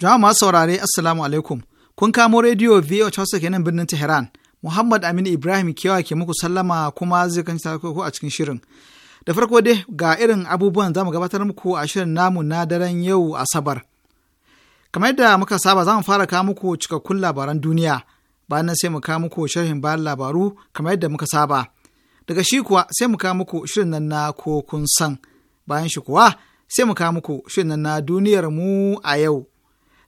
Jama'a masu saurare Assalamu alaikum. Kun kamo rediyo wasu Hausa kenan birnin Tehran. Muhammad Aminu Ibrahim kewa ke muku sallama kuma zai kan ko a cikin shirin. Da farko dai ga irin abubuwan za mu gabatar muku a shirin namu na daren yau Asabar. Kamar yadda muka saba za mu fara kawo muku cikakkun labaran duniya. Bayan nan sai mu kawo muku sharhin bayan labaru kamar yadda muka saba. Daga shi kuwa sai mu kawo muku shirin nan na ko kun san. Bayan shi kuwa sai mu kawo muku shirin nan na duniyar mu a yau.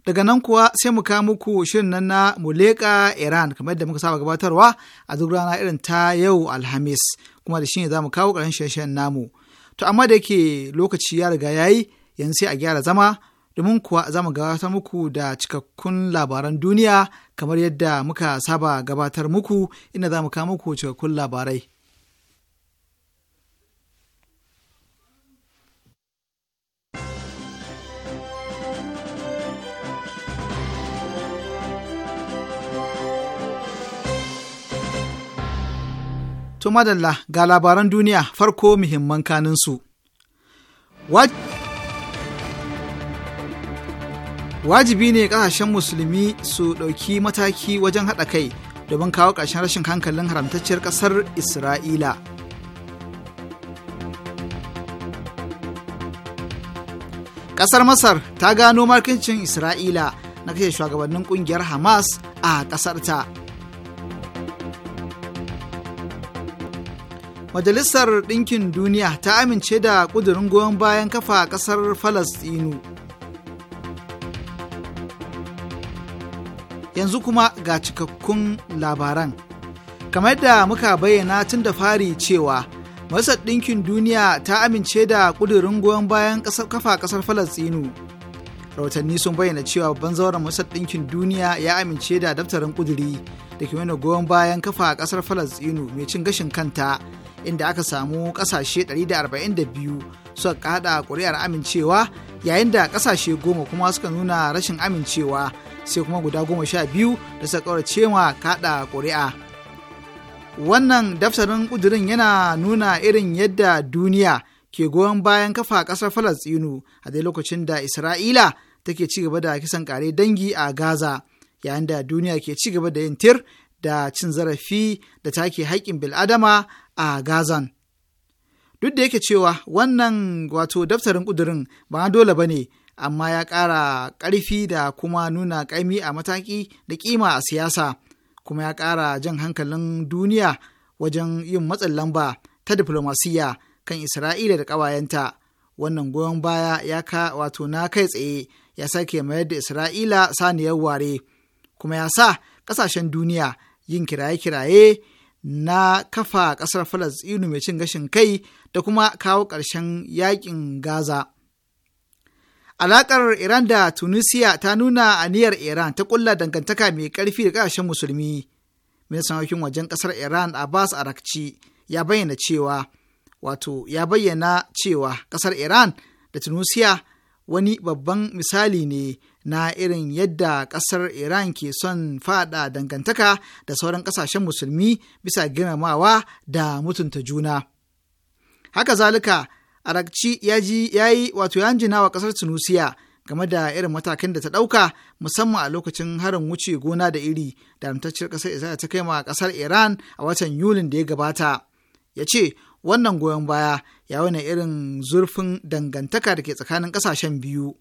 Daga nan kuwa sai mu kawo muku shirin nan na Muleka Iran kamar yadda muka saba gabatarwa a duk rana irin ta yau Alhamis kuma da shine za mu kawo ƙarshen shirin namu. To amma da yake lokaci ya riga yayi yanzu sai a gyara zama domin kuwa za mu gabatar muku da cikakkun labaran duniya kamar yadda muka saba gabatar muku inda za mu kawo muku cikakkun labarai. To madalla ga labaran duniya farko muhimman kaninsu. Wajibi ne ƙasashen musulmi su ɗauki mataki wajen haɗa kai domin kawo ƙarshen rashin hankalin haramtacciyar ƙasar Isra'ila. Ƙasar Masar ta gano markincin Isra'ila na kashe shugabannin ƙungiyar Hamas a ƙasarta. Majalisar Ɗinkin Duniya ta amince da ƙudurin goyon bayan kafa ƙasar Falasɗinu. Yanzu kuma ga cikakkun labaran. Kamar da muka bayyana tun da fari cewa, Majalisar Ɗinkin Duniya ta amince da ƙudurin goyon bayan kafa ƙasar Falasɗinu. Rahotanni sun bayyana cewa babban zauren Majalisar Ɗinkin Duniya ya amince da daftarin ƙuduri da ke goyon bayan kafa ƙasar Falasɗinu mai cin gashin kanta. inda aka samu ƙasashe 142 suka kada ƙuri'ar amincewa yayin da ƙasashe goma kuma suka nuna rashin amincewa sai kuma guda goma sha biyu da suka cewa ma kada ƙuri'a. Wannan daftarin ƙudurin yana nuna irin yadda duniya ke goyon bayan kafa kasar Falasɗinu a dai lokacin da Isra'ila take ci gaba da kisan kare dangi a Gaza yayin da duniya ke ci gaba da yin tir da cin zarafi da take haƙƙin bil'adama a Gazan. Duk da yake cewa wannan wato daftarin ƙudurin ba dole ba ne, amma ya ƙara ƙarfi da kuma nuna ƙaimi a mataki da ƙima a siyasa, kuma ya ƙara jan hankalin duniya wajen yin matsin lamba ta diflomasiyya kan Isra'ila da ƙawayenta. Wannan goyon baya ya ka wato na kai tsaye ya sake mayar da Isra'ila saniyar ware, kuma ya sa ƙasashen duniya yin kiraye-kiraye na kafa ƙasar Falasɗinu mai cin gashin kai da kuma kawo ƙarshen yakin Gaza. Alaƙar Iran da Tunisia ta nuna aniyar Iran ta ƙulla dangantaka mai ƙarfi da ƙasashen musulmi. Ministan harkokin wajen ƙasar Iran Abbas Arakci ya bayyana cewa, wato ya bayyana cewa ƙasar Iran da Tunisia wani babban misali ne na irin yadda ƙasar Iran ke son faɗa dangantaka da sauran ƙasashen musulmi bisa girmamawa da mutunta juna. Haka zalika, Arakci ya ji yi wato ya jina wa ƙasar Tunusiya game da irin matakan da ta ɗauka musamman a lokacin harin wuce gona da iri da amtacciyar ƙasar Isra'ila ta kai ma ƙasar Iran a watan Yulin da ya gabata. Ya ce, wannan goyon baya ya wani irin zurfin dangantaka da ke tsakanin ƙasashen biyu.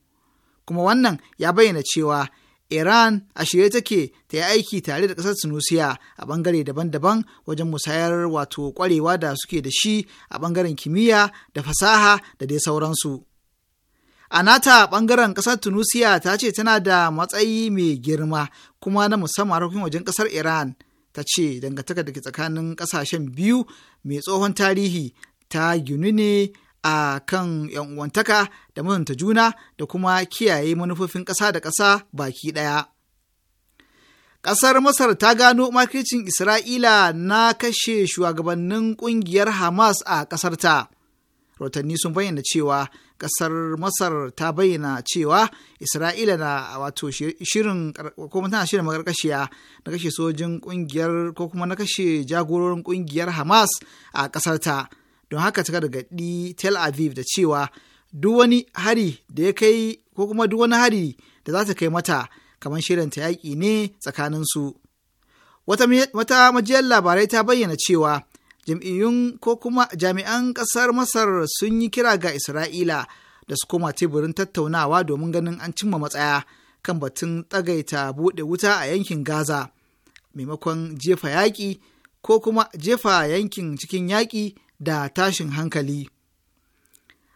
kuma wannan ya bayyana cewa Iran a shirye take ta yi aiki tare da ƙasar Tunisia a ɓangare daban-daban wajen musayar wato ƙwarewa da suke da shi a ɓangaren kimiyya da fasaha da dai sauransu. A nata ɓangaren ƙasar tunisia ta ce tana da matsayi mai girma kuma na musamman harkokin wajen ƙasar Iran ta ce dangantaka da ke tsakanin ƙasashen biyu mai tsohon tarihi ta ginu ne a kan uwantaka da mutunta juna da kuma kiyaye manufofin ƙasa da ƙasa baki ɗaya. Ƙasar Masar ta gano makircin Isra'ila na kashe shugabannin ƙungiyar Hamas a ƙasarta. Rotanni sun bayyana cewa ƙasar Masar ta bayyana cewa Isra'ila na wato shirin ko tana shirin na kashe sojin ƙungiyar ko kuma na kashe jagororin ƙungiyar Hamas a ƙasarta. don haka ta di tel aviv da cewa duk wani hari da ya kai ko kuma duk wani hari da za ta kai mata kamar shirin ta yaƙi ne tsakaninsu wata majiyar labarai ta bayyana cewa jam'iyyun ko kuma jami'an ƙasar masar sun yi kira ga isra'ila da su koma teburin tattaunawa domin ganin an cimma matsaya kan batun tsagaita buɗe wuta a yankin gaza maimakon jefa yaƙi ko kuma jefa yankin cikin yaƙi da tashin hankali.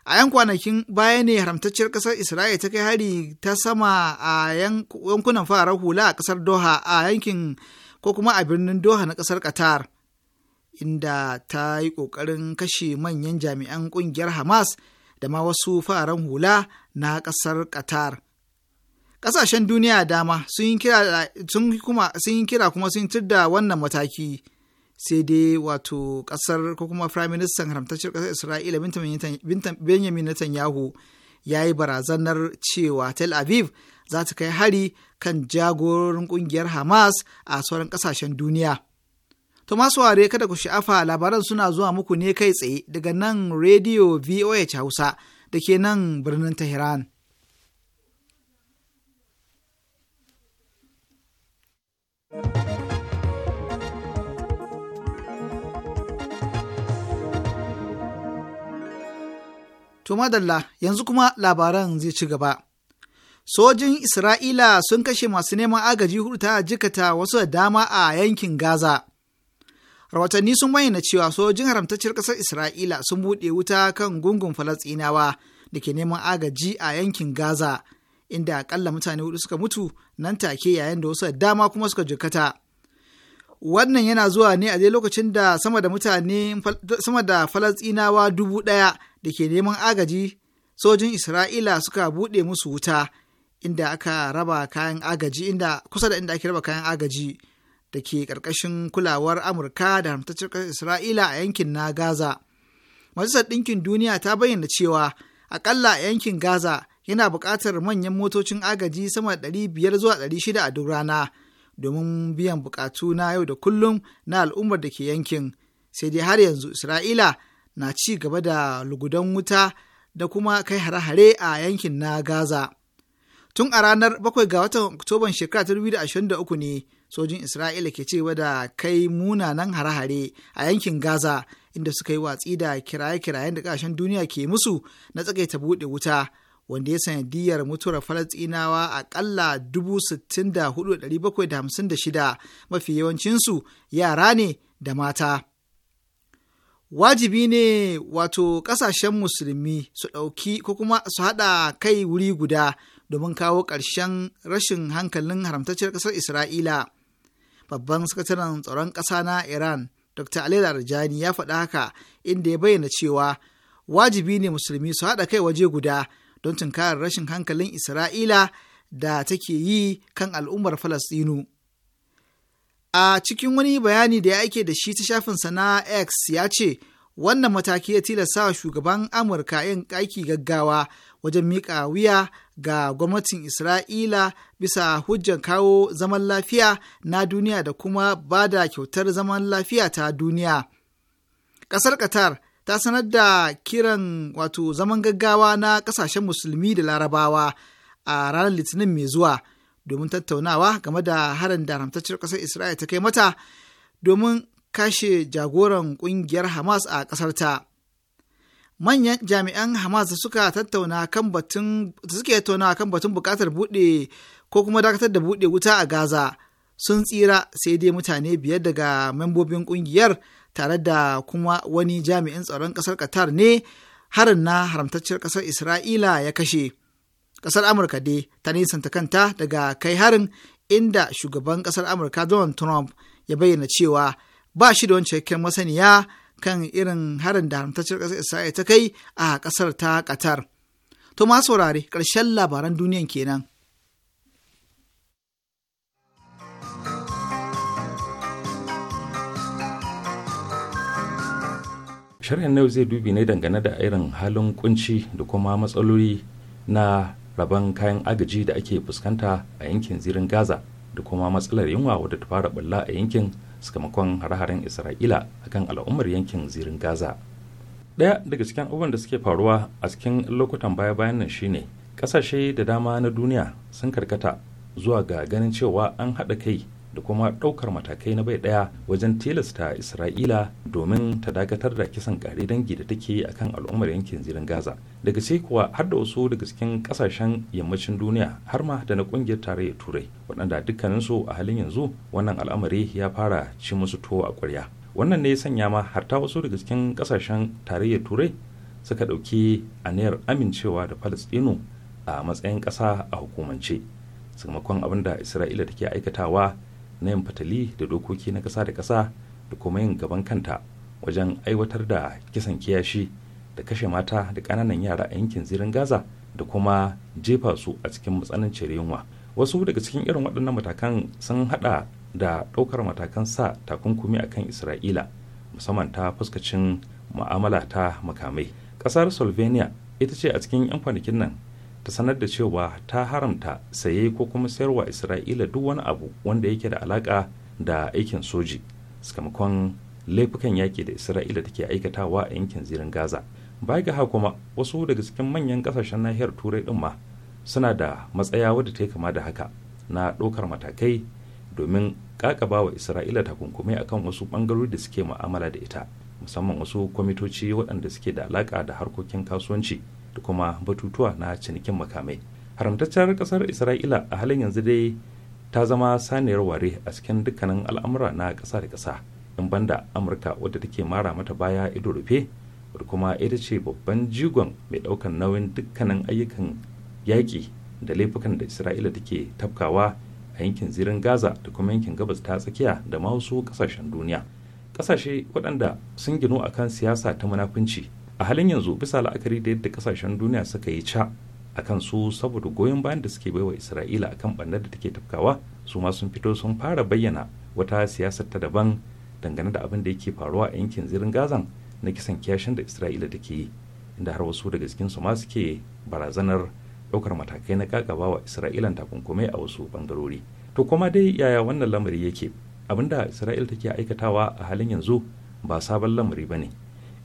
A 'yan kwanakin baya ne haramtacciyar ƙasar Isra'ila ta kai hari ta sama a yankunan farar hula a ƙasar Doha a yankin ko kuma a birnin Doha na ƙasar Qatar, inda ta yi ƙoƙarin kashe manyan jami'an ƙungiyar Hamas da ma wasu fararen hula na ƙasar Qatar. Ƙasashen duniya dama sun yi kira kuma sun yi da wannan mataki. sai dai wato kasar ko kuma prime minister haramtacciyar kasar isra'ila benjamin netanyahu ya yi barazanar cewa tel aviv za ta kai hari kan jagororin kungiyar hamas a sauran kasashen duniya to masu ware kada ku sha'afa labaran suna zuwa muku ne kai tsaye daga nan radio voh hausa da ke nan birnin tehran To madalla yanzu kuma labaran zai ci gaba. Sojin Isra'ila sun kashe masu neman agaji hudu ta jikata wasu da dama a yankin Gaza. Rahotanni sun bayyana cewa sojin haramtacciyar ƙasar Isra'ila sun buɗe wuta kan gungun Falasɗinawa da ke neman agaji a yankin Gaza, inda akalla mutane hudu suka mutu nan take yayin da wasu da dama kuma suka jikata. wannan yana zuwa ne a dai lokacin da sama da mutane sama da falasɗinawa dubu ɗaya da ke neman agaji sojin isra'ila suka buɗe musu wuta inda aka raba kayan agaji inda kusa da inda ake raba kayan agaji da ke ƙarƙashin kulawar amurka da haramtaccen ƙasar isra'ila a yankin na gaza majalisar ɗinkin duniya ta bayyana cewa aƙalla a yankin gaza yana buƙatar manyan motocin agaji sama da ɗari biyar zuwa ɗari shida a duk rana domin biyan bukatu na yau da kullum na al'ummar da ke yankin sai dai har yanzu isra'ila na ci gaba da lugudan wuta da kuma kai hare-hare a yankin na gaza tun a ranar 7 ga watan oktoban shekara 2023 ne sojin isra'ila ke cewa da kai munanan hare-hare a yankin gaza inda suka yi watsi da kiraye-kirayen da kasashen duniya ke musu na tsakaita buɗe wuta wanda ya sanadiyar mutuwar falasɗinawa aƙalla 64,756 mafi yawancinsu yara ne da mata. Wajibi ne wato ƙasashen musulmi su ɗauki ko kuma su haɗa kai wuri guda domin kawo ƙarshen rashin hankalin haramtacciyar ƙasar Isra'ila. Babban sakataren tsaron ƙasa na Iran, Dr. Ali larjani ya faɗa haka inda ya bayyana cewa wajibi ne musulmi su haɗa kai waje guda don tunkarar rashin hankalin Isra'ila da take yi kan al'ummar Falasɗinu. A cikin wani bayani da ya ake da shi ta shafin na X ya ce, wannan mataki ya tilasta wa shugaban Amurka yin aiki gaggawa wajen miƙa wuya ga gwamnatin Isra'ila bisa hujjar kawo zaman lafiya na duniya da kuma ba da kyautar zaman lafiya ta duniya. Ƙasar Qatar ta sanar da kiran wato zaman gaggawa na kasashen musulmi da larabawa a ranar litinin mai zuwa domin tattaunawa game da harin da haramtacciyar ƙasar isra'ila ta kai mata domin kashe jagoran kungiyar hamas a ƙasarta manyan jami'an hamas da suka tattauna kan batun da suke tattaunawa kan batun bukatar buɗe ko kuma dakatar da buɗe wuta a gaza sun tsira sai dai mutane biyar daga membobin ƙungiyar tare da kuma wani jami'in tsaron ƙasar Qatar ne harin na haramtacciyar ƙasar Isra'ila ya kashe. Ƙasar Amurka dai ta nisanta kanta daga kai harin inda shugaban ƙasar Amurka Donald Trump ya bayyana cewa ba shi da wancan cikakken masaniya kan irin harin da haramtacciyar ƙasar Isra'ila ta kai a ƙasar ta Qatar. To masu saurare ƙarshen labaran duniyan kenan. shirin yau zai dubi ne dangane da irin halin kunci da kuma matsaloli na rabon kayan agaji da ake fuskanta a yankin zirin gaza da kuma matsalar yunwa wadda ta fara bulla a yankin sakamakon hare-haren isra'ila akan al'ummar yankin zirin gaza ɗaya daga cikin abubuwan da suke faruwa a cikin lokutan baya-bayan nan shine kasashe da dama na duniya sun karkata zuwa ga ganin cewa an haɗa kai da kuma ɗaukar matakai na bai ɗaya wajen tilasta isra'ila domin ta dakatar da kisan ƙare dangi da take a kan al'ummar yankin zirin gaza daga sai kuwa har da wasu daga cikin kasashen yammacin duniya har ma da na ƙungiyar tarayyar turai waɗanda dukkaninsu a halin yanzu wannan al'amari ya fara ci musu tuwo a ƙwarya wannan ne ya sanya ma har ta wasu daga cikin ƙasashen tarayyar turai suka ɗauki aniyar amincewa da falastinu a matsayin ƙasa a hukumance sakamakon abin da isra'ila take aikatawa na yin fatali da dokoki na ƙasa da kasa da kuma yin gaban kanta wajen aiwatar da kisan kiyashi da kashe mata da ƙananan yara a yankin zirin gaza da kuma jefa su a cikin matsanancin yunwa wasu daga cikin irin waɗannan matakan sun haɗa da ɗaukar matakan sa takunkumi a kan isra'ila musamman ta fuskacin ma'amala ta makamai ƙasar slovenia ita ce a cikin 'yan kwanakin nan ta sanar da cewa ta haramta saye ko kuma sayarwa isra'ila duk wani abu wanda yake da alaka da aikin soji sakamakon laifukan yaƙi da isra'ila take aikatawa a yankin zirin gaza baya ga haka kuma wasu daga cikin manyan kasashen nahiyar turai din ma suna da matsaya wadda ta kama da haka na ɗaukar matakai domin kakaba wa isra'ila takunkumi akan wasu ɓangarori da suke mu'amala da ita musamman wasu kwamitoci waɗanda suke da alaka da harkokin kasuwanci da kuma batutuwa na cinikin makamai haramtacciyar kasar isra'ila a halin yanzu dai ta zama saniyar ware a cikin dukkanin al'amura na ƙasa da ƙasa in banda amurka wadda take mara mata baya ido rufe wadda kuma ita ce babban jigon mai ɗaukan nauyin dukkanin ayyukan yaƙi da laifukan da isra'ila take tafkawa a yankin zirin gaza da kuma yankin gabas ta tsakiya da ma wasu ƙasashen duniya ƙasashe waɗanda sun ginu akan siyasa ta munafunci a halin yanzu bisa la'akari da yadda kasashen duniya suka yi ca a kan su saboda goyon bayan da suke baiwa isra'ila a kan ɓannar da take tafkawa su ma sun fito sun fara bayyana wata siyasar ta daban dangane da abin da yake faruwa a yankin zirin gazan na kisan kiyashin da isra'ila take yi inda har wasu daga cikin su ma suke barazanar ɗaukar matakai na kakaba wa isra'ilan takunkumai a wasu bangarori to kuma dai yaya wannan lamari yake abinda isra'ila take aikatawa a halin yanzu ba sabon lamari ba ne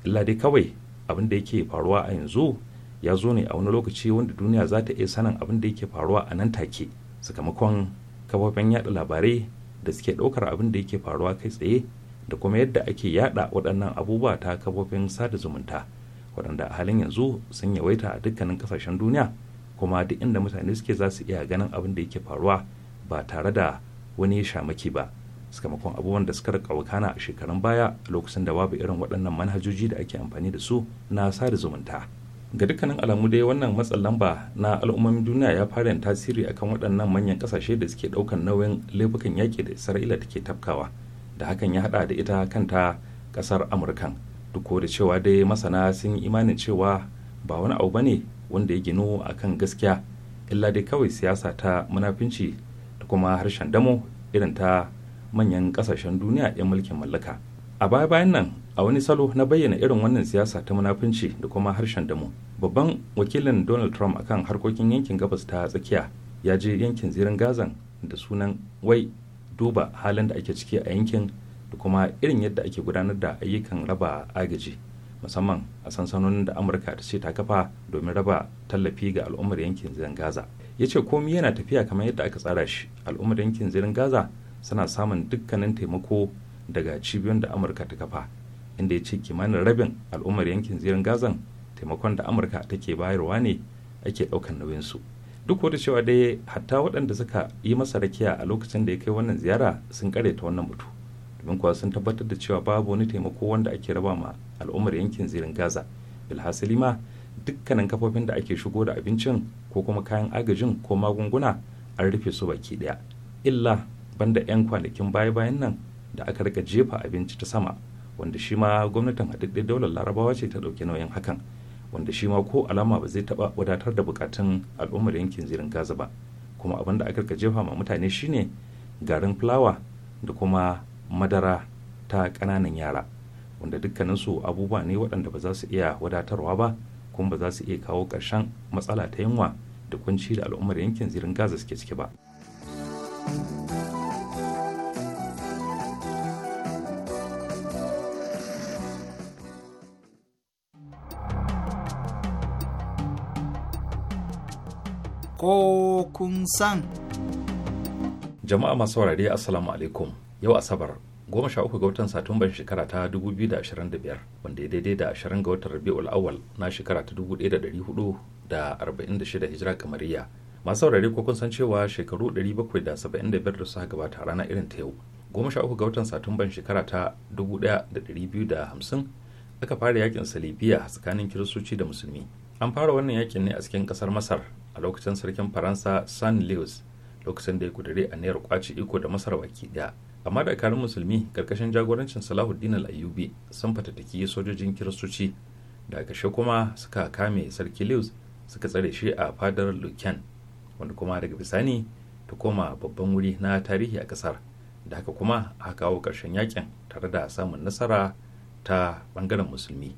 illa dai kawai abin da yake faruwa a yanzu ya zo ne a wani lokaci wanda duniya za ta iya sanin abin da yake faruwa a nan take sakamakon kafafen yada labarai da suke ɗaukar abin da yake faruwa kai tsaye da kuma yadda ake yada waɗannan abubuwa ta kafofin sada zumunta waɗanda a halin yanzu sun yawaita a dukkanin kasashen duniya kuma duk inda mutane suke za su iya ganin abin da yake faruwa ba tare da wani shamaki ba sakamakon abubuwan da suka rika wakana a shekarun baya lokacin da babu irin waɗannan manhajoji da ake amfani da su na sada zumunta ga dukkanin alamu dai wannan matsin lamba na al'ummomin duniya ya fara yin tasiri akan waɗannan manyan ƙasashe da suke ɗaukan nauyin laifukan yaƙi da isra'ila take tafkawa da hakan ya haɗa da ita kanta ƙasar amurkan duk da cewa dai masana sun yi imanin cewa ba wani abu ba ne wanda ya ginu kan gaskiya illa dai kawai siyasa ta munafinci da kuma harshen damo irin ta manyan kasashen duniya ya mulkin mallaka a baya bayan nan a wani salo na bayyana irin wannan siyasa ta munafunci da kuma harshen damu babban wakilin donald trump akan harkokin yankin gabas ta tsakiya ya je yankin zirin gazan da sunan wai duba halin da ake ciki a yankin da kuma irin yadda ake gudanar da ayyukan raba agaji musamman a sansanonin da amurka ta ce ta kafa domin raba tallafi ga al'ummar yankin zirin gaza ya ce komi yana tafiya kamar yadda aka tsara shi al'ummar yankin zirin gaza suna samun dukkanin taimako daga cibiyoyin da amurka ta kafa inda ya ce kimanin rabin al'ummar yankin zirin gazan taimakon da amurka take bayarwa ne ake ɗaukan nauyinsu duk wata cewa dai hatta waɗanda suka yi masa rakiya a lokacin da ya kai wannan ziyara sun ta wannan mutu domin kuwa sun tabbatar da cewa babu wani taimako wanda ake raba ma al'ummar yankin zirin gaza bilhassali ma dukkanin kafofin da ake shigo da abincin ko kuma kayan agajin ko magunguna an rufe su baki daya illa banda 'yan kwanakin baya-bayan nan da aka rika jefa abinci ta sama wanda shi ma gwamnatin haɗaɗɗen daular larabawa ce ta ɗauki nauyin hakan wanda shi ma ko alama ba zai taɓa wadatar da bukatun al'ummar yankin zirin gaza ba kuma abin da aka rika jefa ma mutane shine garin fulawa da kuma madara ta ƙananan yara wanda dukkaninsu abubuwa ne waɗanda ba za su iya wadatarwa ba kuma ba za su iya kawo ƙarshen matsala ta yunwa da kunci da al'ummar yankin zirin gaza suke ciki ba. ko kun san. Jama'a masu saurari Assalamu alaikum yau Asabar goma sha uku ga watan Satumban shekara ta 2025 wanda ya daidai da 20 ga watan Rabi'ul Awwal na shekara ta 1446 Hijira kamariya. Masu saurari ko kun san cewa shekaru 775 da suka gabata rana irin ta yau. Goma sha uku ga watan Satumban shekara ta 1250 aka fara yakin Salibiya tsakanin Kiristoci da Musulmi. An fara wannan yakin ne a cikin kasar Masar a lokacin sarkin faransa san louis lokacin da ya kudure nayar kwace iko da masar baki daya amma da karin musulmi karkashin jagorancin salahuddin al-ayyubi sun fatattaki sojojin kiristoci da gashe kuma suka kame sarki louis suka tsare shi a fadar lucan wanda kuma daga bisani ta koma babban wuri na tarihi a kasar da haka kuma aka kawo karshen yakin tare da samun nasara ta bangaren musulmi.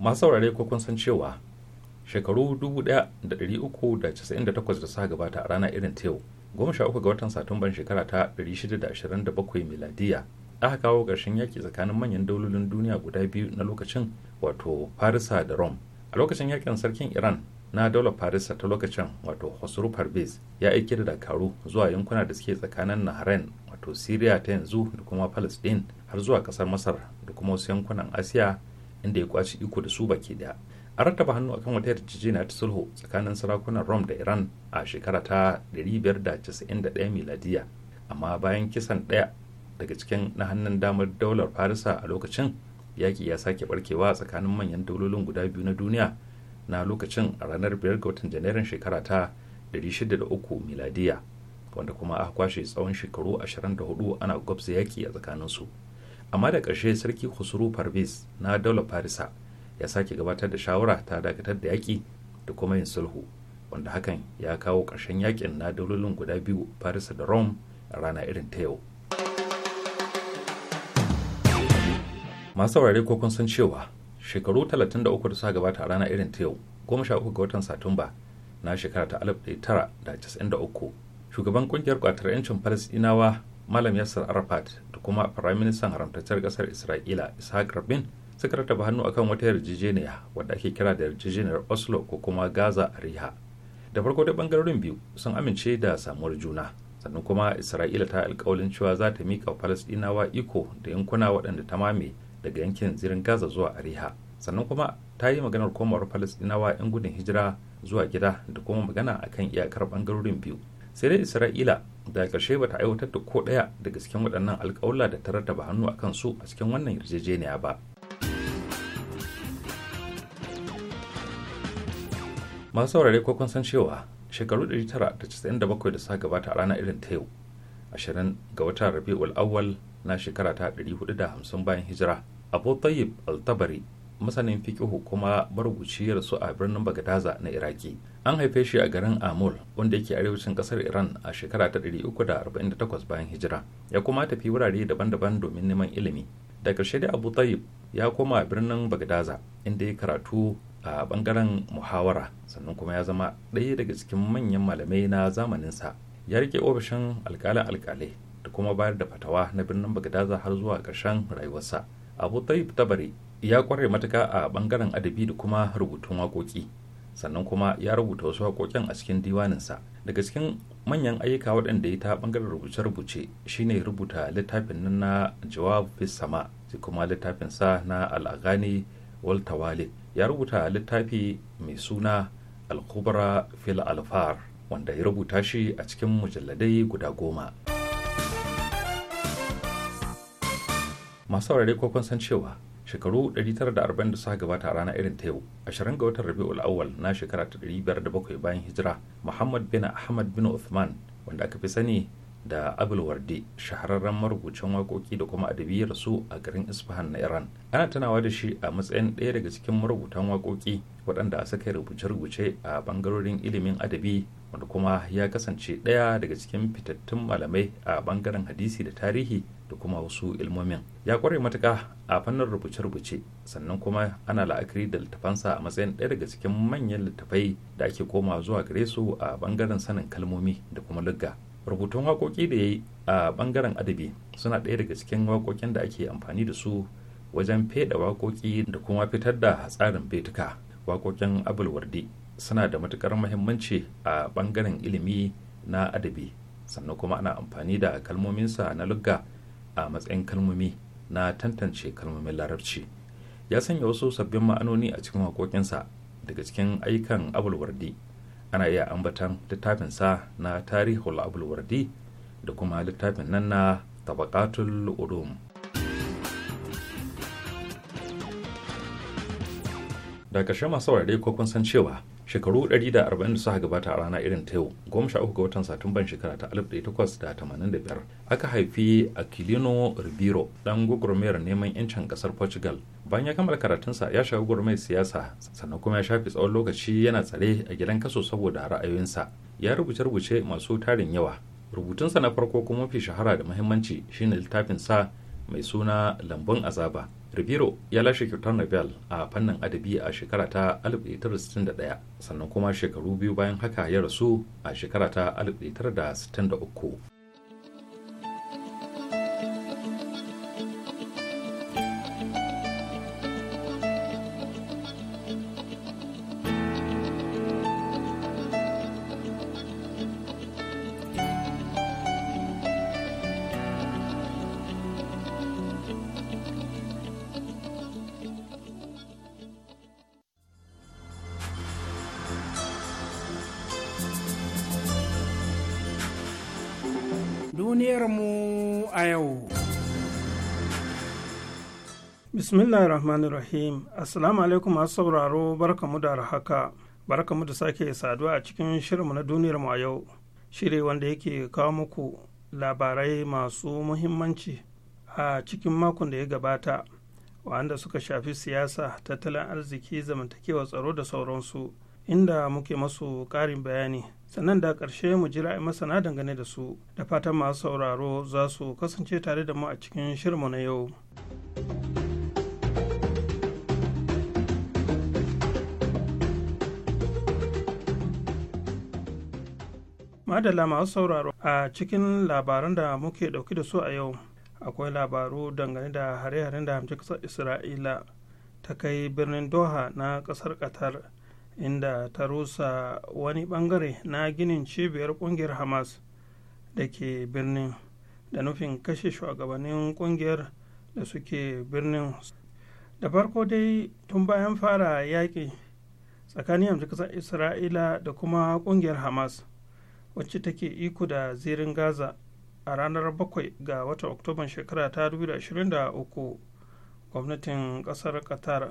masu saurare ko kun san cewa shekaru 1398 da suka gabata a rana irin ta yau goma sha uku ga watan satumban shekara ta 627 miladiya aka kawo ƙarshen yaki tsakanin manyan daulolin duniya guda biyu na lokacin wato farisa da rome a lokacin yakin sarkin iran na daular farisa ta lokacin wato hosuru ya aiki da dakaru zuwa yankuna da suke tsakanin naharen wato syria ta yanzu da kuma palestine har zuwa kasar masar da kuma wasu yankunan asiya inda ya kwace iko da su baki daya a rattaba hannu akan wata yarjejeniya ta sulhu tsakanin sarakunan Rome da Iran a shekara ta 591 miladiya amma bayan kisan daya daga cikin na hannun damar daular Farisa a lokacin yaki ya sake barkewa tsakanin manyan daulolin guda biyu na duniya na lokacin a ranar 5 ga watan janairun shekara ta 603 miladiya wanda kuma aka kwashe tsawon shekaru 24 ana gwabsa yaki a tsakaninsu. su amma da ƙarshe sarki kusuru parvis na daular farisa ya sake gabatar da shawara ta dakatar da yaƙi da kuma yin sulhu wanda hakan ya kawo ƙarshen yaƙin na daulolin guda biyu farisa da rome a rana irin ta yau masu saurari ko kun san cewa shekaru 33 da suka gabata a rana irin ta yau goma sha uku ga watan satumba na shekara ta 1993 shugaban kungiyar kwatar 'yancin falasɗinawa malam yasir arafat da kuma firaministan haramtacciyar kasar isra'ila ishaq rabin suka rataba hannu akan wata yarjejeniya wadda ake kira da yarjejeniyar oslo ko kuma gaza a riha da farko da bangarorin biyu sun amince da samuwar juna sannan kuma isra'ila ta alkawalin cewa za ta miƙa falasɗinawa iko da yankuna waɗanda ta mame daga yankin zirin gaza zuwa ariha sannan kuma ta yi maganar komawar falasɗinawa 'yan gudun hijira zuwa gida da kuma magana akan iyakar bangarorin biyu sai dai isra'ila da ƙarshe bata aiwatar da ko ɗaya daga cikin waɗannan alƙawla da ta rattaba hannu a kansu a cikin wannan yarjejeniya ba masu saurare ko kun san cewa shekaru 997 da suka gabata a ranar irin ta yau 20 ga watan rabi'ul awwal na shekara ta 450 bayan hijira abu tayyib Altabari masanin fikihu kuma barguciyar su a birnin Bagdaza na iraki an haife shi a garin amul wanda yake arewacin kasar iran a shekara ta 348 bayan hijira ya kuma tafi wurare daban-daban domin neman ilimi da ƙarshe da abu tayyib ya koma birnin Bagdaza, inda ya karatu a bangaren muhawara sannan kuma ya zama ɗaya daga cikin manyan malamai na zamaninsa ya rike ofishin alkalin alkalai da kuma bayar da fatawa na birnin Bagdaza har zuwa ƙarshen rayuwarsa abu tayyib tabari ya kware matuka a bangaren adabi da kuma rubutun waƙoƙi sannan kuma ya rubuta wasu waƙoƙin a cikin diwaninsa daga cikin manyan ayyuka waɗanda ya ta bangaren rubuce-rubuce shine rubuta littafin nan na jawab sama sai kuma sa na al'agani waltawale ya rubuta littafi mai suna alkubra fil alfar wanda ya rubuta shi a cikin mujalladai guda goma masu saurare ko kun san cewa shekaru 940 da suka gabata a ranar irin ta yau 20 ga watan rabi'ul awwal na shekara ta 507 bayan hijira muhammad bin ahmad bin uthman wanda aka fi sani da abul warde shahararren marubucin waƙoƙi da kuma adabi rasu a garin isfahan na iran ana tunawa da shi a matsayin ɗaya daga cikin marubutan waƙoƙi waɗanda a sakai rubuce-rubuce a bangarorin ilimin adabi wanda kuma ya kasance ɗaya daga cikin fitattun malamai a bangaren hadisi da tarihi da kuma wasu ilmomin ya kware matuka a fannin rubuce-rubuce sannan kuma ana la'akari da littafansa a matsayin ɗaya daga cikin manyan littafai da ake koma zuwa gare su a bangaren sanin kalmomi da kuma lugga rubutun waƙoƙi da ya yi a bangaren adabi suna ɗaya daga cikin waƙoƙin da ake amfani da su wajen feɗa waƙoƙi da kuma fitar da tsarin betuka waƙoƙin abulwardi suna da matuƙar muhimmanci a bangaren ilimi na adabi sannan kuma ana amfani da kalmominsa na lugga a matsayin kalmomi na tantance kalmomin larabci ya sanya wasu sabbin ma'anoni a cikin waƙoƙinsa daga cikin aikan abulwardi ana iya ambatan littafinsa na tarihul abulwardi da kuma littafin nan na tabaqatul ulum da ƙarshe masu saurare ko kun san cewa shekaru 140 da suka gabata a rana irin ta yau goma sha uku ga watan satumban shekara ta 1885 aka haifi aquilino ribiro dan gwagwarmayar neman yancin kasar portugal bayan ya kammala karatunsa ya shiga gwagwarmayar siyasa sannan kuma ya shafi tsawon lokaci yana tsare a gidan kaso saboda ra'ayoyinsa ya rubuce rubuce masu tarin yawa rubutunsa na farko kuma mafi shahara da muhimmanci shine littafinsa mai suna lambun azaba ribiro ya lashe kyautar Nobel a fannin adabi a shekara ta 1961 sannan kuma shekaru biyu bayan haka ya rasu a shekara ta 1963. bismillahirrahmanirrahim rahim assalamu alaikum masu sauraro barkamu da haka barkamu da sake saduwa a cikin shirinmu na duniyar mu a yau shiri wanda yake kawo muku labarai masu muhimmanci a cikin makon da ya gabata wanda suka shafi siyasa tattalin arziki zamantakewa tsaro da sauransu inda muke masu ƙarin bayani sannan da ƙarshe mu jira a masana dangane da su da fatan masu sauraro za su kasance tare da mu a cikin shirinmu na yau. madalla masu sauraro a cikin labaran da muke dauki da su a yau akwai labaru dangane da hare-haren da hamci kasar isra'ila ta kai birnin doha na kasar qatar inda ta rusa wani bangare na ginin cibiyar kungiyar hamas da ke birnin da nufin kashe shugabannin kungiyar da suke birnin da farko dai tun bayan fara yaƙi tsakanin hamci kasar isra'ila da kuma kungiyar hamas wacce take iko da zirin gaza a ranar 7 ga watan oktoban shekara ta 2023 gwamnatin kasar qatar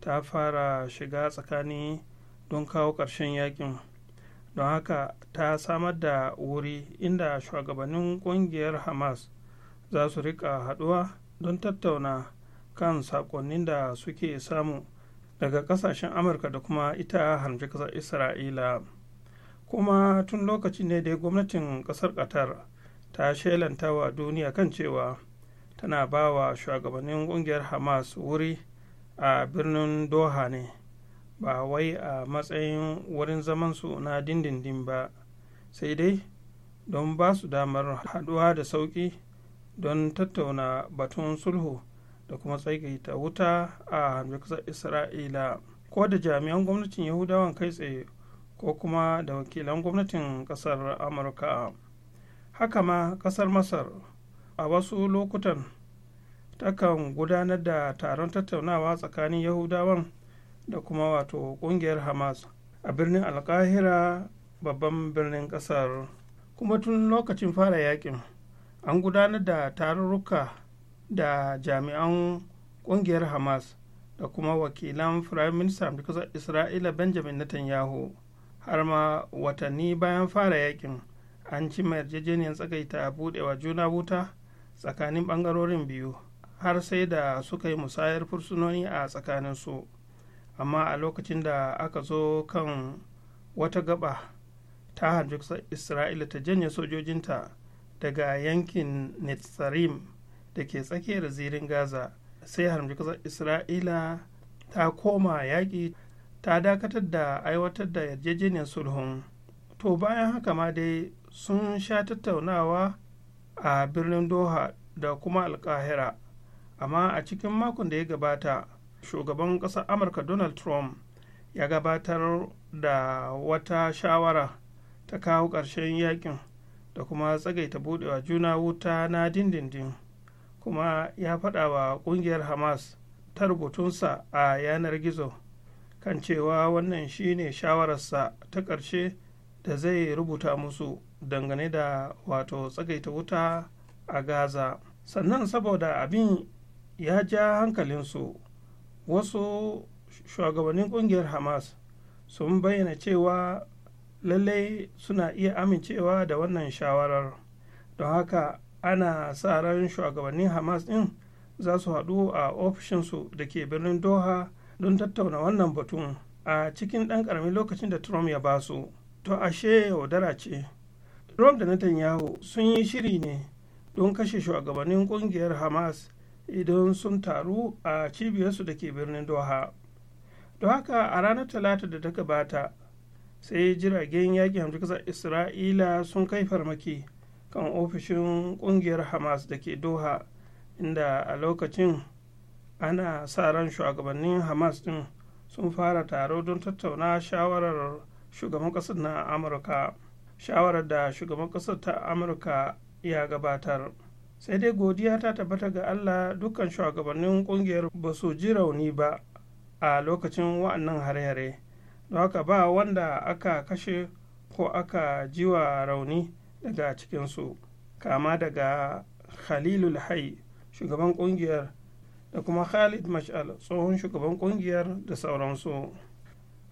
ta fara shiga tsakani don kawo ƙarshen yakin don haka ta samar da wuri inda shugabannin kungiyar hamas za su rika haduwa don tattauna kan sakonnin da suke samu daga kasashen amurka da kuma ita harmci kasar isra'ila kuma tun lokacin ne dai gwamnatin ƙasar qatar ta shelanta wa duniya kan cewa tana ba wa shugabannin ƙungiyar hamas wuri a birnin doha ne ba wai a matsayin wurin zamansu na dindindin ba sai dai don ba su damar haduwa da sauƙi don tattauna batun sulhu da kuma tsagaita wuta a hamjikasar isra'ila ko da jami'an gwamnatin yahudawan kai tsaye ko kuma da wakilan gwamnatin kasar amurka haka ma kasar masar a wasu lokutan takan gudanar da taron tattaunawa tsakanin yahudawan da kuma wato kungiyar hamas a birnin alkahira babban birnin kasar kuma tun lokacin fara yakin an gudanar da tarurruka da jami'an kungiyar hamas da kuma wakilan firayim minista kasar isra'ila benjamin netanyahu har ma watanni bayan fara yakin an ci yarjejeniyar tsakaita budewa juna wuta tsakanin bangarorin biyu har sai da suka yi musayar fursunoni a tsakanin su amma a lokacin da aka zo kan wata gaba ta hanji isra'ila ta janye sojojinta daga yankin netsarim da ke tsakiyar zirin gaza sai hanji isra'ila ta koma yaƙi ta dakatar da aiwatar da yarjejeniyar sulhun to bayan haka ma dai sun sha tattaunawa a birnin doha da kuma alkahira amma a cikin makon da ya gabata shugaban ƙasar amurka donald trump ya gabatar da wata shawara ta kawo ƙarshen yakin da kuma tsagaita budewa juna wuta na dindindin kuma ya faɗa wa ƙungiyar hamas ta rubutunsa a yanar gizo kan cewa wannan shi ne shawararsa ta ƙarshe da zai rubuta musu dangane da wato tsagaita wuta a gaza sannan saboda abin ya ja hankalinsu wasu shugabannin ƙungiyar hamas sun bayyana cewa lallai suna iya amincewa da wannan shawarar don haka ana sa ran shugabannin hamas ɗin za su haɗu a ofishinsu da ke birnin doha don tattauna wannan batun a cikin ɗan ƙaramin lokacin da trump ya ba su to ashe yaudara ce trump da netanyahu sun yi shiri ne don kashe shugabannin ƙungiyar hamas idan sun taru a cibiyarsu da ke birnin doha don haka a ranar talata da ta gabata sai jiragen yaƙi hamsin isra'ila sun kai farmaki kan ofishin ƙungiyar hamas da ke doha inda a lokacin ana sa ran shugabannin hamas din sun fara taro don tattauna shawarar shugaban kasar na amurka shawarar da shugaban ƙasar ta amurka ya gabatar sai dai godiya ta tabbata ga allah dukkan shugabannin kungiyar ba su ji rauni ba a lokacin wa'annan hare-hare da haka ba wanda aka kashe ko aka jiwa rauni daga cikinsu kama daga khalilul hai shugaban kungiyar da kuma khalid mashal tsohon shugaban kungiyar da sauransu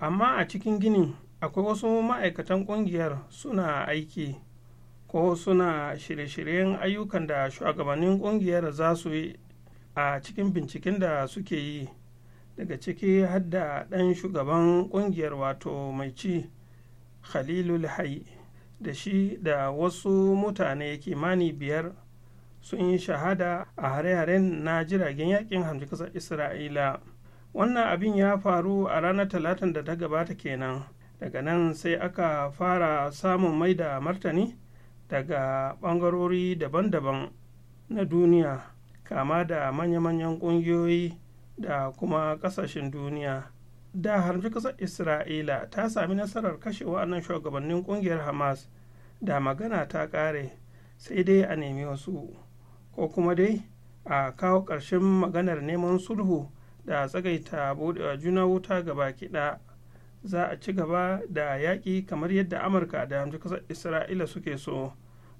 amma a cikin ginin akwai wasu ma'aikatan kungiyar suna aiki ko suna shirye-shiryen ayyukan da shugabannin kungiyar za su yi a cikin binciken da suke yi daga ciki hadda ɗan shugaban kungiyar wato mai ci khalilul hai da shi da wasu mutane kimani biyar sun yi shahada a hare-haren na jiragen yakin hamji kasar isra'ila wannan abin ya faru a ranar talatin da ta gabata kenan daga nan sai aka fara samun mai da martani daga bangarori daban-daban na duniya kama da manya-manyan ƙungiyoyi da kuma ƙasashen duniya da harfi ƙasar isra'ila ta sami nasarar kashe wa'annan shugabannin ƙungiyar hamas da magana ta ƙare sai dai a nemi wasu ko kuma dai a kawo ƙarshen maganar neman sulhu da tsagaita buɗewa juna wuta gaba kiɗa za a ci gaba da yaƙi kamar yadda amurka da hamshin ƙasar isra'ila suke so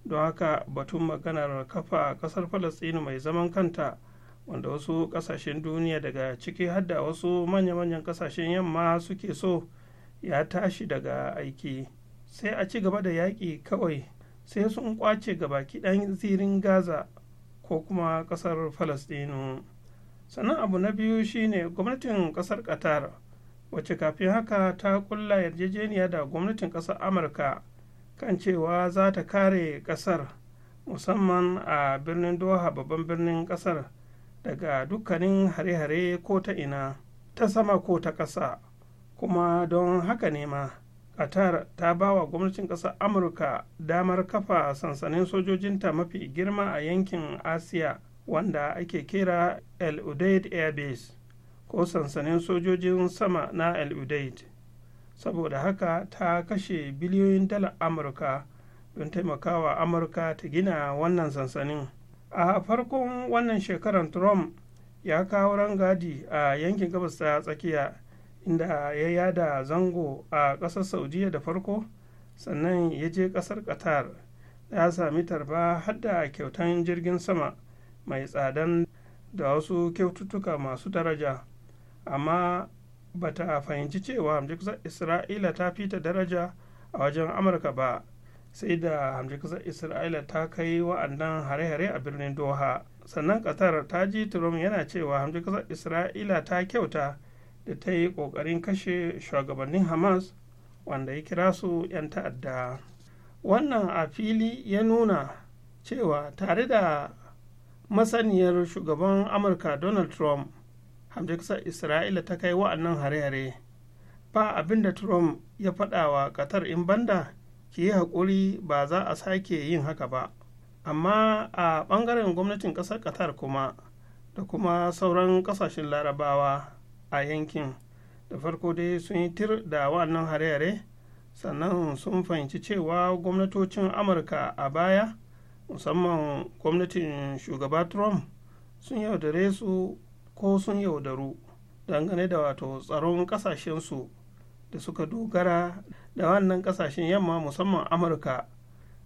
don haka batun maganar kafa ƙasar falastinu mai zaman kanta wanda wasu ƙasashen duniya daga ciki hadda wasu manya-manyan ƙasashen yamma suke so ya tashi daga aiki sai a ci gaba da yaƙi kawai sai sun kwace gaba kiɗan zirin gaza ko kuma ƙasar falastinu sannan abu na biyu shine gwamnatin ƙasar qatar wacce kafin haka ta kulla yarjejeniya da gwamnatin ƙasar amurka kan cewa za ta kare ƙasar musamman a birnin doha babban birnin ƙasar daga dukkanin hare-hare ko ta ina ta sama ko ta ƙasa kuma don haka ne ma qatar ta ba wa gwamnatin ƙasar amurka damar kafa sansanin sojojinta mafi girma a yankin asiya wanda ake kira el udeid air base ko sansanin sojojin sama na el udeid saboda haka ta kashe biliyoyin dalar amurka don taimakawa amurka ta gina wannan sansanin a farkon wannan shekarar trump ya kawo rangadi a yankin gabas ta tsakiya inda ya yada zango a ƙasar saudiya da farko sannan ya je ƙasar qatar ya sami tarba hadda a kyautan jirgin sama mai tsadan da wasu kyaututtuka masu daraja amma ba ta fahimci cewa hamjikisar isra'ila ta fita daraja a wajen amurka ba sai da hamjikisar isra'ila ta kai wa'annan hare-hare a birnin doha sannan qatar ta ji Turon yana cewa hamjikisar isra'ila ta kyauta da ta yi ƙoƙarin kashe shugabannin hamas wanda ya kira su 'yan ta'adda wannan a fili ya nuna cewa tare da masaniyar shugaban amurka donald trump hamdukasar isra'ila ta kai wa'annan hare-hare ba abin da trump ya faɗa wa qatar in banda ki yi haƙuri ba za a sake yin haka ba amma a ɓangaren gwamnatin ƙasar qatar kuma da kuma sauran ƙasashen larabawa a yankin da farko dai sun yi tir da wa'annan hare-hare sannan sun fahimci cewa gwamnatocin amurka a baya musamman gwamnatin shugaba trump sun yaudare su ko sun yaudaru dangane da wato tsaron kasashensu da suka dogara da wannan kasashen yamma musamman amurka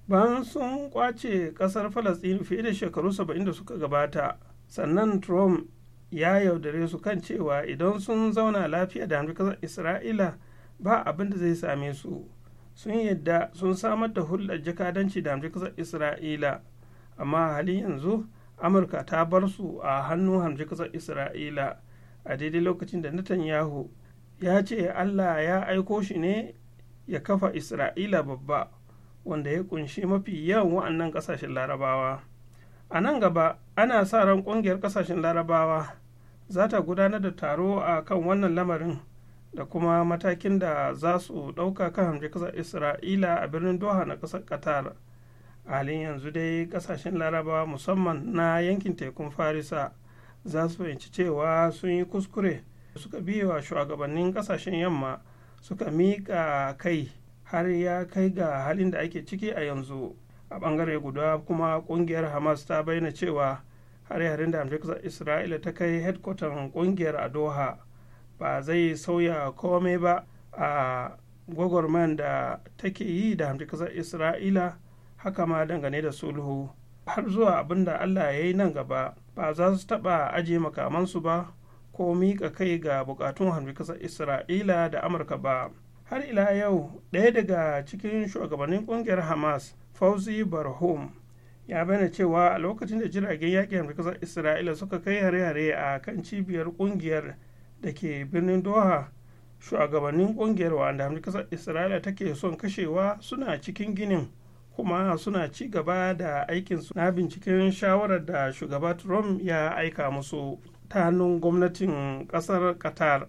bayan sun kwace kasar falasɗin fiye da shekaru 70 da suka gabata sannan trump ya yaudare su kan cewa idan sun zauna lafiya da hannun kasar isra'ila ba abin da zai same su sun yadda sun samar da hulɗar jakadanci da hannun kasar isra'ila amma halin yanzu amurka ta bar su a hannun hannun kasar isra'ila a daidai lokacin da netanyahu ya ce allah ya aiko shi ne ya kafa isra'ila babba wanda ya kunshi mafi yawan wa'annan kasashen larabawa a nan gaba ana sa ran kungiyar kasashen larabawa za ta gudanar da taro a kan wannan lamarin da kuma matakin da za su ɗauka kan hamji ƙasar isra'ila a birnin doha na ƙasar qatar halin yanzu dai ƙasashen larabawa musamman na yankin tekun farisa za su fahimci cewa sun yi kuskure suka biyewa shugabannin ƙasashen yamma suka miƙa kai har ya kai ga halin da ake ciki a yanzu a bangare guda kuma ƙungiyar hamas ta bayyana cewa hare-haren da amurka isra'ila ta kai hedkwatan kungiyar a doha ba zai sauya komai ba a gwagwarman da take yi da amurka isra'ila haka ma dangane da sulhu har zuwa abin da allah ya yi nan gaba ba za su taɓa ajiye makamansu ba ko mika kai ga bukatun amurka isra'ila da amurka ba har ila yau ɗaya daga cikin shugabannin ƙungiyar hamas fauzi barhum ya bayyana cewa a lokacin da jiragen yakin amurka isra'ila suka kai yare hare a kan cibiyar ƙungiyar da ke birnin doha shugabannin ƙungiyar wanda amurka isra'ila take son kashewa suna cikin ginin kuma suna ci gaba da aikinsu na binciken shawarar da shugaba trump ya aika musu ta hannun gwamnatin ƙasar qatar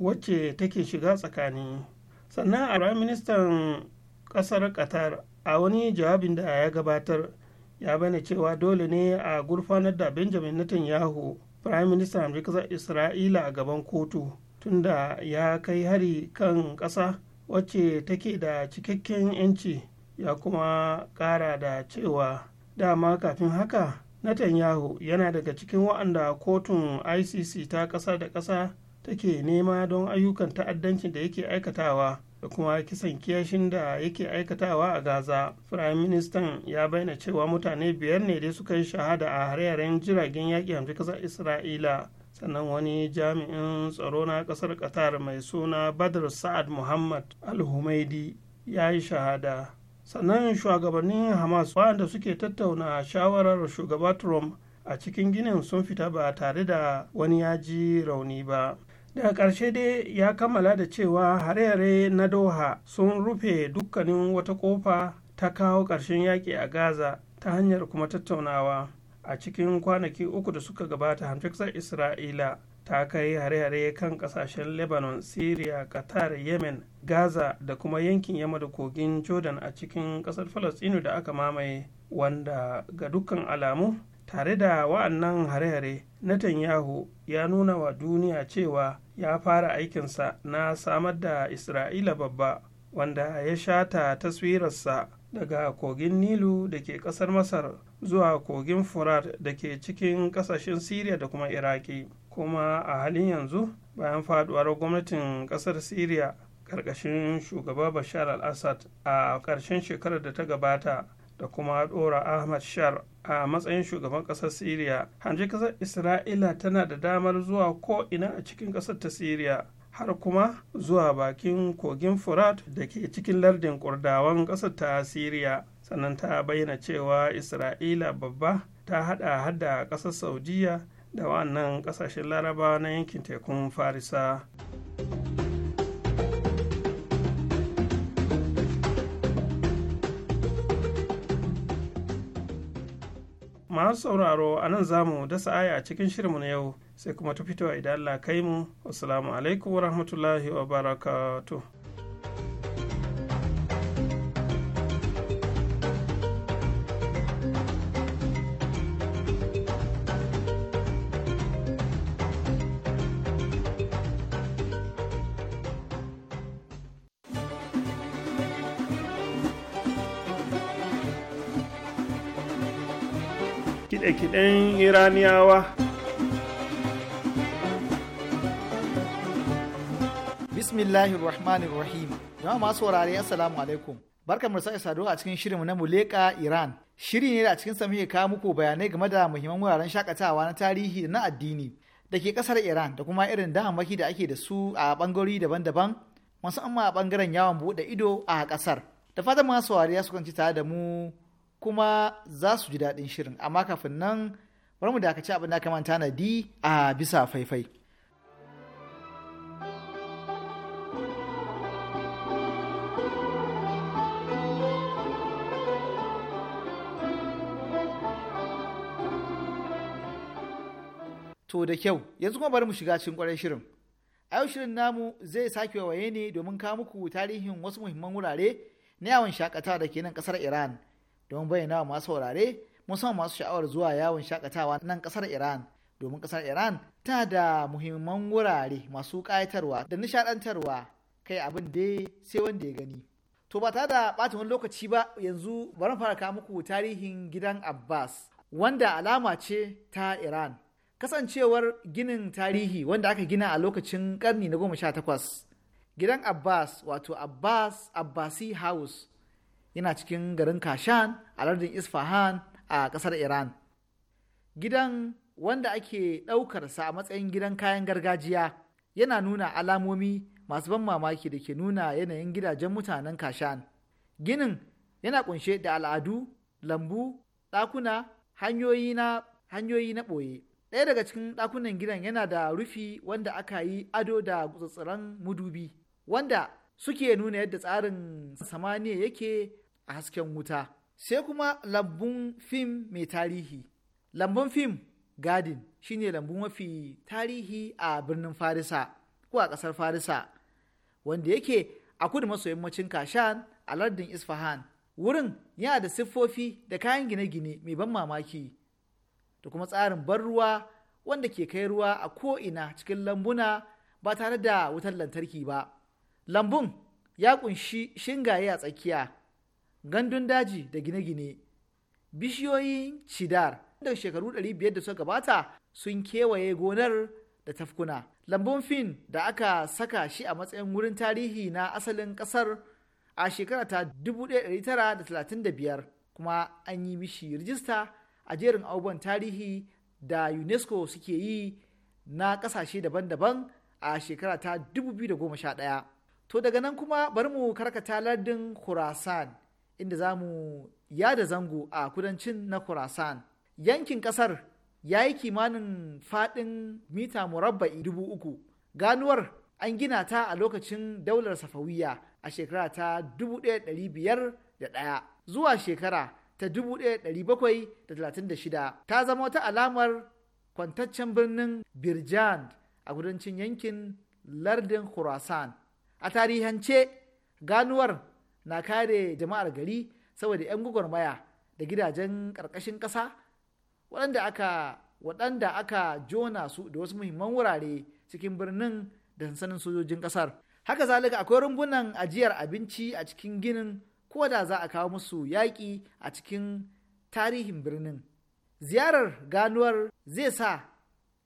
wacce take shiga tsakani sannan a ministan ƙasar qatar a wani jawabin da ya gabatar ya bane cewa dole ne a gurfanar da benjamin netanyahu prime minister amurka isra'ila a gaban kotu tunda ya kai hari kan ƙasa wacce take da cikakken 'yanci ya kuma ƙara da cewa dama kafin haka netanyahu yana daga cikin waɗanda kotun icc ta ƙasa da ƙasa take nema don ayyukan ta'addanci da yake aikatawa da kuma kisan kiyashin da yake aikatawa a gaza firayim ministan ya bayyana cewa mutane biyar ne dai suka yi shahada a hare-haren jiragen yaƙi hamsin ƙasar isra'ila sannan wani jami'in tsaro na ƙasar qatar mai suna badr sa'ad muhammad al-humaidi ya yi shahada sannan shugabannin hamas waɗanda suke tattauna shawarar shugaba trump a cikin ginin sun fita ba tare da wani ya ji rauni ba daga ƙarshe dai ya kammala da cewa hare-hare na doha sun rufe dukkanin wata ƙofa ta kawo ƙarshen yaƙi a gaza ta hanyar kuma tattaunawa a cikin kwanaki uku da suka gabata hamfiksar isra'ila ta kai hare-hare kan ƙasashen lebanon syria qatar yemen gaza da kuma yankin yamma da kogin jordan a cikin ƙasar falastinu da aka mamaye wanda ga dukkan alamu tare da wa'annan hare-hare netanyahu ya nuna wa duniya cewa ya fara aikinsa na samar da isra'ila babba wanda ya shata taswirarsa daga kogin nilu da ke kasar masar zuwa kogin furat da ke cikin kasashen siriya da kuma iraki kuma a halin yanzu bayan faduwar gwamnatin ƙasar siriya ƙarƙashin shugaba bashar al-assad a ƙarshen shekarar da ta gabata da kuma dora ahmad shar a matsayin shugaban kasar siriya hanji kasar isra'ila tana da damar zuwa ko ina a cikin kasar ta siriya har kuma zuwa bakin kogin furat da ke cikin lardin kurdawan kasar ta siriya sannan ta bayyana cewa isra'ila babba ta hada hada kasar saudiya da wannan kasashen laraba na yankin tekun farisa masu sauraro a nan zamu mu dasa aya a cikin shirinmu na yau sai kuma ta fitowa idan Allah kai mu. Assalamu alaikum wa rahmatullahi wa barakatuh. iraniyawa bismillahir rahmanir rahim jama'a masu wurare assalamu alaikum barka mu sake saduwa a cikin shirinmu na muleka iran shiri ne da a cikin samiye muku bayanai game da muhimman wuraren shakatawa na tarihi da na addini da ke kasar iran da kuma irin damammaki da ake da su a bangarori daban-daban musamman a bangaren yawon buɗe ido a kasar da fatan masu wariya su ci tare da mu kuma za su ji daɗin shirin amma kafin nan bari mu dakaci abin da aka manta na di a bisa faifai. To da kyau, yanzu kuma bari mu shiga cikin kwarai shirin. A yau shirin namu zai sake waye ne domin kawo muku tarihin wasu muhimman wurare na yawon shakata da ke nan kasar Iran, don bayyana masu saurare musamman masu sha'awar zuwa yawon shakatawa nan kasar Iran domin kasar Iran ta da muhimman wurare masu ƙayatarwa da nishadantarwa kai abin dai sai wanda ya gani. To ba ta da ɓata wani lokaci ba yanzu bari fara kawo muku tarihin gidan Abbas wanda alama ce ta Iran. Kasancewar ginin tarihi wanda aka gina a lokacin karni na goma sha takwas. Gidan Abbas wato Abbas Abbasi House yana cikin garin Kashan a lardin Isfahan a ƙasar iran gidan wanda ake ɗaukarsa a matsayin gidan kayan gargajiya yana nuna alamomi masu ban mamaki da ke nuna yanayin gidajen mutanen kashan ginin yana kunshe da al'adu lambu ɗakuna hanyoyi na hanyoyi na ɓoye ɗaya daga cikin ɗakunan gidan yana da rufi wanda aka yi ado da tsatsiran mudubi wanda suke nuna yadda tsarin samaniya yake a hasken wuta sai kuma lambun fim mai tarihi lambun fim garden shine lambu mafi tarihi a birnin farisa ko a ƙasar farisa wanda yake a kudu maso yammacin kashan a lardin isfahan wurin yana da siffofi da kayan gine-gine mai ban mamaki da kuma tsarin ban ruwa wanda ke kai ruwa a ko'ina cikin lambuna ba tare da wutar lantarki ba lambun ya kunshi shingaye a tsakiya gandun daji da gine-gine bishiyoyin cidar da shekaru 500 da suka gabata sun kewaye gonar da tafkuna lambun fin da aka saka shi a matsayin wurin tarihi na asalin kasar a shekara ta 1935 kuma an yi mishi rijista a jerin abubuwan tarihi da unesco suke yi na kasashe daban-daban a shekara ta 2011 to daga nan kuma bari mu karkata lardin khurasan inda za mu yada zango a kudancin na Khorasan. Yankin ƙasar ya yi kimanin faɗin mita murabba'i dubu uku. Ganuwar an gina ta a lokacin daular safawiya a shekara ta dubu da biyar ɗaya, zuwa shekara ta dubu da da bakwai talatin shida. ta zama wata alamar kwantaccen birnin Birjan a kudancin yankin lardin Khurasan. A tarihance ganuwar na kare jama'ar gari saboda 'yan maya da gidajen ƙarƙashin ƙasa waɗanda aka waɗanda aka jona su da wasu muhimman wurare cikin birnin da sansanin sojojin ƙasar haka zalika akwai rumbunan ajiyar abinci a cikin ginin ko da za a kawo musu yaƙi a cikin tarihin birnin ziyarar ganuwar zai sa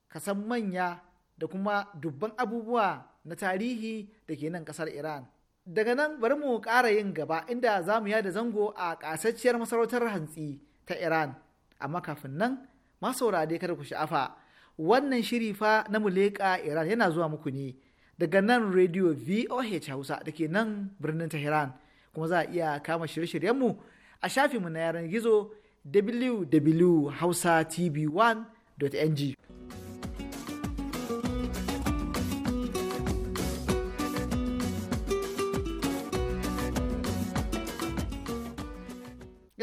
ka san manya da kuma dubban abubuwa na tarihi da ke nan ƙasar iran daga nan bari mu ƙara yin gaba inda za mu yada zango a ƙasasshiyar masarautar hantsi ta iran amma kafin nan masaurare kada ku sha'afa wannan shiri fa na muleka iran yana zuwa muku ne daga nan radio voh hausa da ke nan birnin tehran kuma za a iya kama shirye-shiryenmu a shafinmu na yaran gizo www.hausa tv1.ng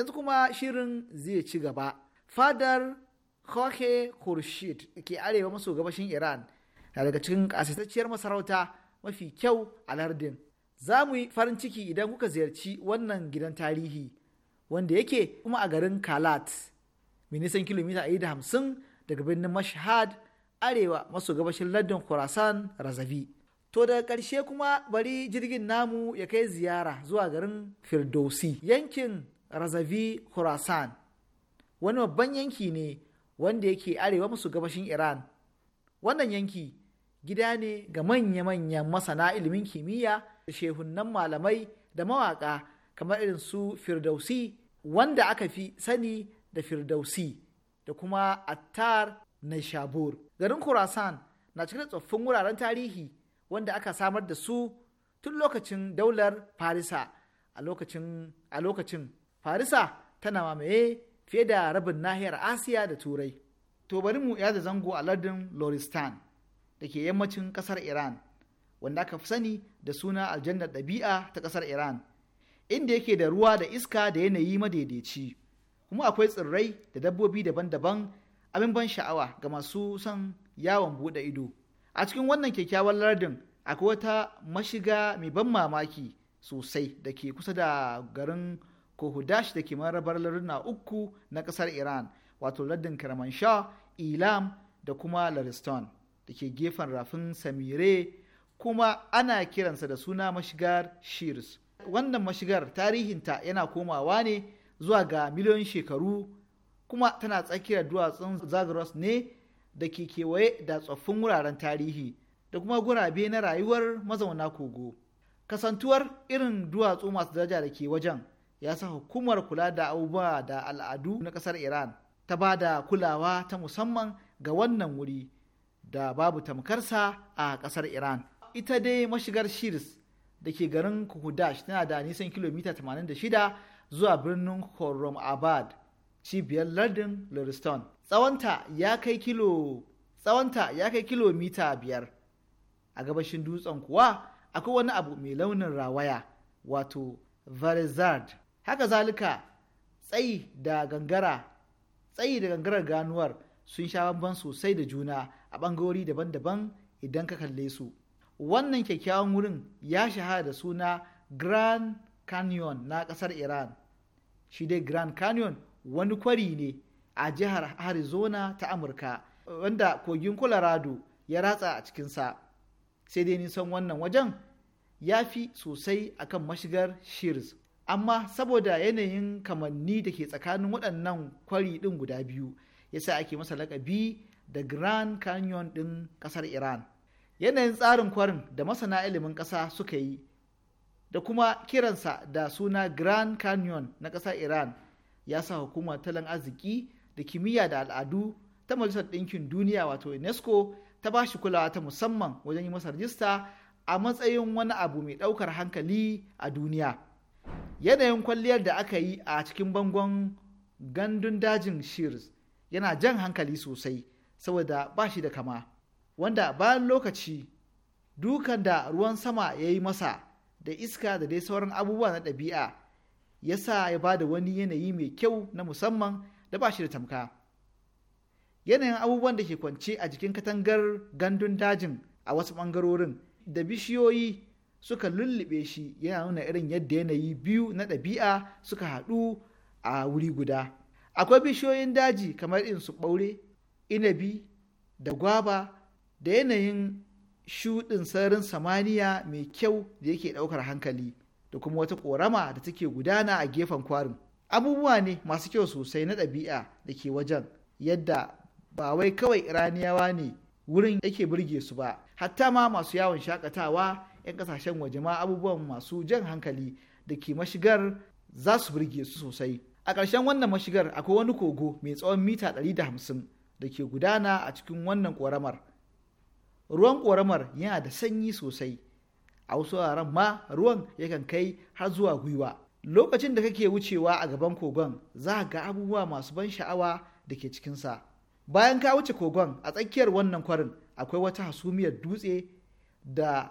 yanzu kuma shirin zai ci gaba fadar Jorge Khurshid ke arewa maso gabashin Iran na daga cikin ƙasaitacciyar masarauta mafi kyau a lardin. Za mu yi farin ciki idan kuka ziyarci wannan gidan tarihi wanda yake kuma a garin Kalat, kilomita kilomita hamsin daga birnin Mashhad arewa maso gabashin lardin Khorasan Razavi. To daga ƙarshe kuma bari jirgin namu ya kai ziyara zuwa garin Firdausi yankin razavi khurasan wani babban yanki ne wanda yake arewa musu gabashin iran wannan yanki gida ne ga manya-manyan masana ilimin kimiyya da shehunan malamai da mawaka kamar irin su firdausi wanda aka fi sani da firdausi da kuma attar na shabur garin khurasan na cikin tsoffin wuraren tarihi wanda aka samar da su tun lokacin daular farisa a lokacin farisa tana mamaye fiye da rabin nahiyar asiya da turai to bari mu yada zango a lardin loristan da ke yammacin ƙasar iran wanda aka fi sani da suna aljannar ɗabi'a ta ƙasar iran inda yake da ruwa da iska da yanayi madaidaici kuma akwai tsirrai da dabbobi daban-daban abin ban sha'awa ga masu son yawon buɗe ido a cikin wannan kyakkyawan lardin akwai wata mashiga mai ban mamaki sosai da ke kusa da garin ko hudash da ke marabar larduna uku na kasar iran wato lardin kermanshah ilam da kuma lariston da ke gefen rafin samire kuma ana kiransa da suna mashigar shirs wannan mashigar tarihinta yana komawa ne zuwa ga miliyoyin shekaru kuma tana tsakiyar duwatsun zagros ne da ke kewaye da tsoffin wuraren tarihi da kuma gurabe na rayuwar mazauna kogo kasantuwar irin duwatsu masu daraja da ke wajen ya sa hukumar kula da abubuwa da al'adu na ƙasar iran ta ba da kulawa ta musamman ga wannan wuri da babu tamkarsa a ƙasar iran ita dai mashigar shirs da ke garin kuhudash tana da nisan kilomita 86 zuwa birnin korom abad cibiyar lardin lurston tsawonta ya kai tsawonta kilomita biyar a gabashin dutsen kuwa akwai wani abu mai launin rawaya wato verizard haka zalika tsayi da gangara tsayi da gangarar ganuwar sun sha bamban sosai da juna a ɓangarori daban-daban idan ka kalle su wannan kyakkyawan wurin ya shahara da suna grand canyon na ƙasar iran shi dai grand canyon wani kwari ne a jihar arizona ta amurka wanda kogin colorado ya ratsa a cikinsa sai dai nisan wannan wajen ya fi sosai akan mashigar shears amma saboda yanayin kamanni da ke tsakanin waɗannan kwari ɗin guda biyu ya yasa ake masa lakabi da grand canyon ɗin ƙasar iran yanayin tsarin kwarin da masana ilimin ƙasa suka yi da kuma kiransa da suna grand canyon na ƙasar iran ya sa hukumar talan arziki da kimiyya da al'adu ta majalisar ɗinkin duniya wato unesco ta ba shi kulawa ta musamman wajen yi masa rajista a matsayin wani abu mai ɗaukar hankali a duniya. yanayin kwalliyar da aka yi a cikin bangon gandun dajin shears yana jan hankali sosai saboda ba shi da kama wanda bayan lokaci dukan da ruwan sama ya yi masa da iska da dai sauran abubuwa na ɗabi'a ya sa ya ba da wani yanayi mai kyau na musamman da ba shi da tamka yanayin abubuwan da ke kwance a jikin katangar gandun dajin a wasu ɓangarorin da bishiyoyi suka lullube shi yana nuna irin yadda yanayi biyu na ɗabi'a suka haɗu a wuri guda akwai bishiyoyin daji kamar in su ɓaure inabi da gwaba da yanayin shuɗin sararin samaniya mai kyau da yake ɗaukar hankali da kuma wata ƙorama da take gudana a gefen kwarin abubuwa ne masu kyau sosai na ɗabi'a da ke wajen yadda ba wai kawai iraniyawa ne wurin yake burge su ba hatta ma masu yawon shakatawa 'yan kasashen waje ma abubuwan masu jan hankali da ke mashigar za su burge su sosai a ƙarshen wannan mashigar akwai wani kogo mai tsawon mita 150 da ke gudana a cikin wannan ƙoramar ruwan ƙoramar yana da sanyi sosai a wasu wuraren ma ruwan yakan kai har zuwa gwiwa lokacin da kake wucewa a gaban kogon za ga abubuwa masu ban sha'awa da ke cikinsa bayan ka wuce kogon a tsakiyar wannan kwarin akwai wata hasumiyar dutse da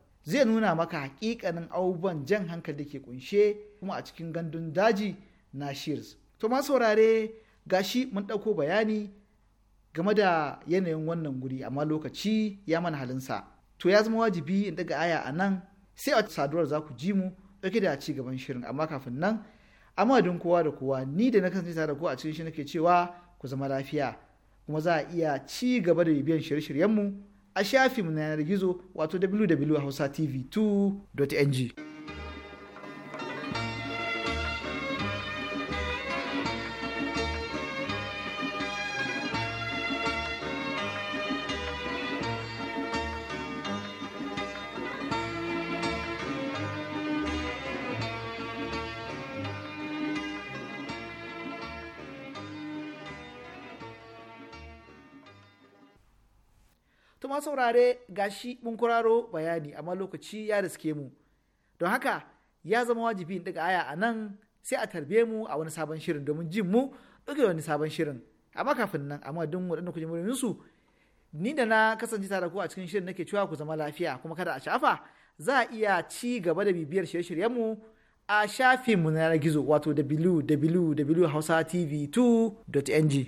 zai nuna maka hakikanin abubuwan jan hankali da ke kunshe kuma a cikin gandun daji na shears to ma saurare gashi mun ɗauko bayani game da yanayin wannan guri amma lokaci ya mana halinsa to ya zama wajibi in daga aya a nan sai a saduwar za ku ji mu ɗauke da ci gaban shirin amma kafin nan a madadin kowa da kowa ni da na kasance tare da ku a cikin shi nake cewa ku zama lafiya kuma za a iya ci gaba da bibiyan shirye-shiryenmu a shafin na yanar gizo wato www.hausatv2.ng. saurare shi mun kuraro bayani amma lokaci ya riske mu don haka ya zama wajibi in daga aya a nan sai a tarbe mu a wani sabon shirin domin jin mu ɗiga wani sabon shirin amma kafin nan amma don waɗanda ku murin su ni da na kasance tare ku a cikin shirin nake cewa ku zama lafiya kuma kada a shafa za a iya ci gaba da bibiyar shirye mu a shafin mu na gizo wato www.hausatv2.ng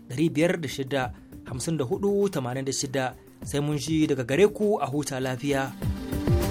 506 sai mun ji daga gare ku a huta lafiya.